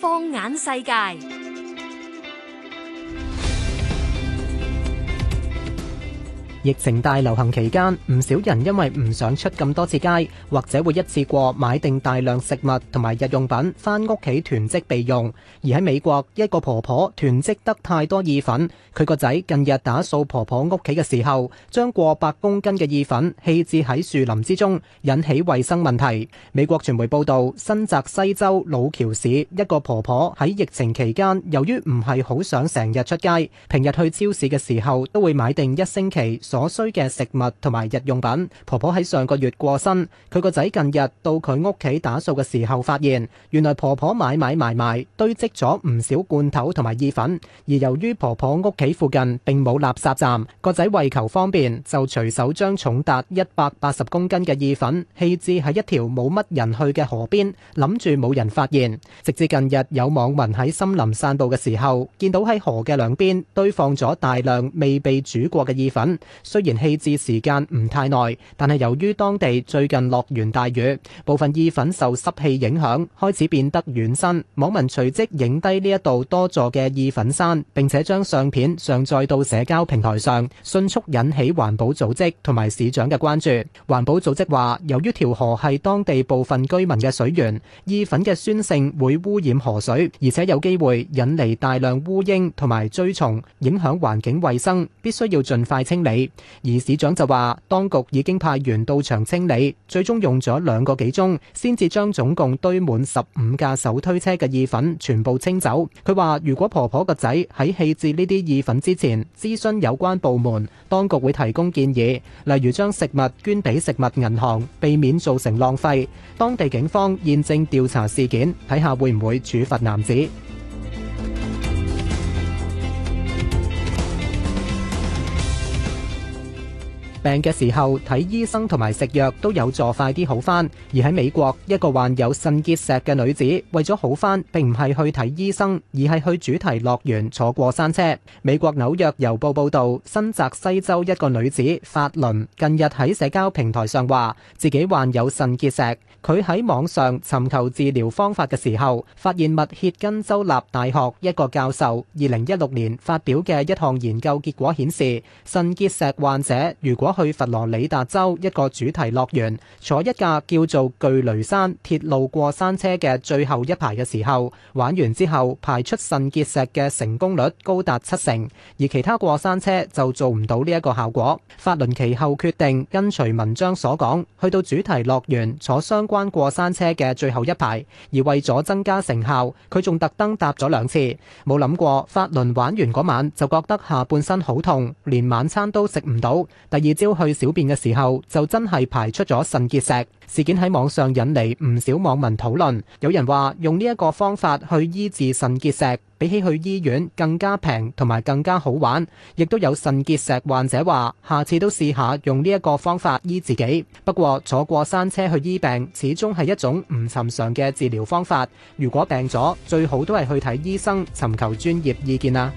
放眼世界。疫情大流行期間唔少人因為唔想出咁多次街，或者會一次過買定大量食物同埋日用品翻屋企囤積備用。而喺美國一個婆婆囤積得太多意粉，佢個仔近日打掃婆婆屋企嘅時候，將過百公斤嘅意粉棄置喺樹林之中，引起衛生問題。美國傳媒報道，新澤西州老橋市一個婆婆喺疫情期間，由於唔係好想成日出街，平日去超市嘅時候都會買定一星期。所需嘅食物同埋日用品。婆婆喺上個月過身，佢個仔近日到佢屋企打掃嘅時候發現，原來婆婆買買埋埋堆積咗唔少罐頭同埋意粉。而由於婆婆屋企附近並冇垃圾站，個仔為求方便就隨手將重達一百八十公斤嘅意粉棄置喺一條冇乜人去嘅河邊，諗住冇人發現，直至近日有網民喺森林散步嘅時候，見到喺河嘅兩邊堆放咗大量未被煮過嘅意粉。雖然棄置時間唔太耐，但係由於當地最近落完大雨，部分意粉受濕氣影響開始變得軟身。網民隨即影低呢一度多座嘅意粉山，並且將相片上載到社交平台上，迅速引起環保組織同埋市長嘅關注。環保組織話，由於條河係當地部分居民嘅水源，意粉嘅酸性會污染河水，而且有機會引嚟大量烏蠅同埋蛆蟲，影響環境衛生，必須要盡快清理。而市長就話：當局已經派員到場清理，最終用咗兩個幾鐘，先至將總共堆滿十五架手推車嘅意粉全部清走。佢話：如果婆婆個仔喺棄置呢啲意粉之前，諮詢有關部門，當局會提供建議，例如將食物捐俾食物銀行，避免造成浪費。當地警方現正調查事件，睇下會唔會處罰男子。病嘅時候睇醫生同埋食藥都有助快啲好翻，而喺美國，一個患有腎結石嘅女子為咗好翻，並唔係去睇醫生，而係去主題樂園坐過山車。美國紐約郵報報道，新澤西州一個女子法倫近日喺社交平台上話自己患有腎結石。佢喺網上尋求治療方法嘅時候，發現密歇根州立大學一個教授二零一六年發表嘅一項研究結果顯示，腎結石患者如果去佛羅里達州一個主題樂園坐一架叫做巨雷山鐵路過山車嘅最後一排嘅時候，玩完之後排出腎結石嘅成功率高達七成，而其他過山車就做唔到呢一個效果。法倫其後決定跟隨文章所講，去到主題樂園坐相關過山車嘅最後一排，而為咗增加成效，佢仲特登搭咗兩次。冇諗過，法倫玩完嗰晚就覺得下半身好痛，連晚餐都食唔到。第二去小便嘅時候就真係排出咗腎結石。事件喺網上引嚟唔少網民討論，有人話用呢一個方法去醫治腎結石，比起去醫院更加平同埋更加好玩，亦都有腎結石患者話下次都試下用呢一個方法醫自己。不過坐過山車去醫病始終係一種唔尋常嘅治療方法，如果病咗最好都係去睇醫生尋求專業意見啊。